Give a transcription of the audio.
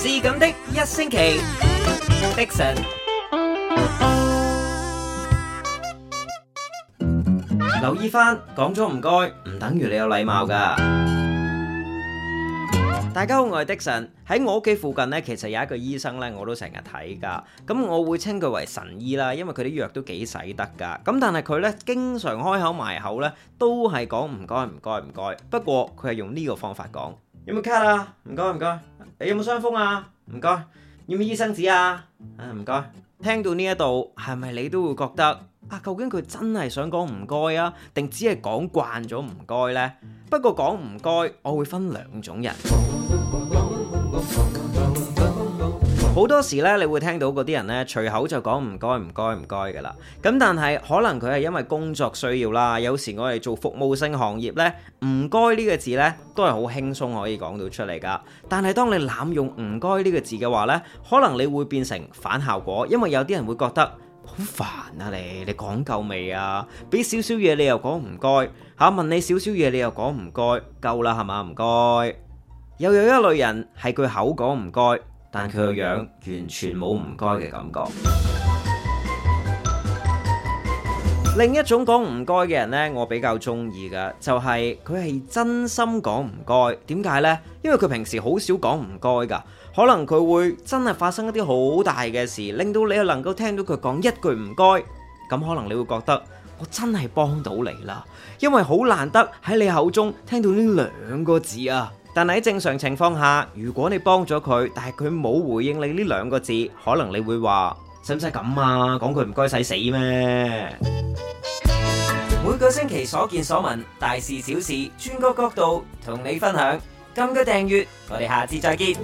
是咁的一星期，Dickson。留意返，講咗唔該，唔等於你有禮貌噶。大家好，我係 Dickson。喺我屋企附近呢，其實有一個醫生呢，我都成日睇噶。咁我會稱佢為神醫啦，因為佢啲藥都幾使得噶。咁但係佢呢，經常開口埋口呢，都係講唔該唔該唔該。不過佢係用呢個方法講，有冇卡啊？唔該唔該。你有冇傷風啊？唔該，要唔要醫生紙啊？唔該。聽到呢一度，係咪你都會覺得啊？究竟佢真係想講唔該啊，定只係講慣咗唔該呢？不過講唔該，我會分兩種人。 好多時咧，你會聽到嗰啲人咧，隨口就講唔該唔該唔該噶啦。咁但係可能佢係因為工作需要啦。有時我哋做服務性行業咧，唔該呢個字咧都係好輕鬆可以講到出嚟噶。但係當你濫用唔該呢個字嘅話咧，可能你會變成反效果，因為有啲人會覺得好煩啊你，你講夠未啊？俾少少嘢你又講唔該吓，問你少少嘢你又講唔該，夠啦係嘛？唔該。又有一類人係句口講唔該。但佢個樣完全冇唔該嘅感覺。另一種講唔該嘅人呢，我比較中意嘅就係佢係真心講唔該。點解呢？因為佢平時好少講唔該噶，可能佢會真係發生一啲好大嘅事，令到你又能夠聽到佢講一句唔該，咁可能你會覺得我真係幫到你啦，因為好難得喺你口中聽到呢兩個字啊！但係喺正常情況下，如果你幫咗佢，但係佢冇回應你呢兩個字，可能你會話：使唔使咁啊？講句唔該，使死咩？每個星期所見所聞，大事小事，轉個角度同你分享。今個訂閱，我哋下次再見。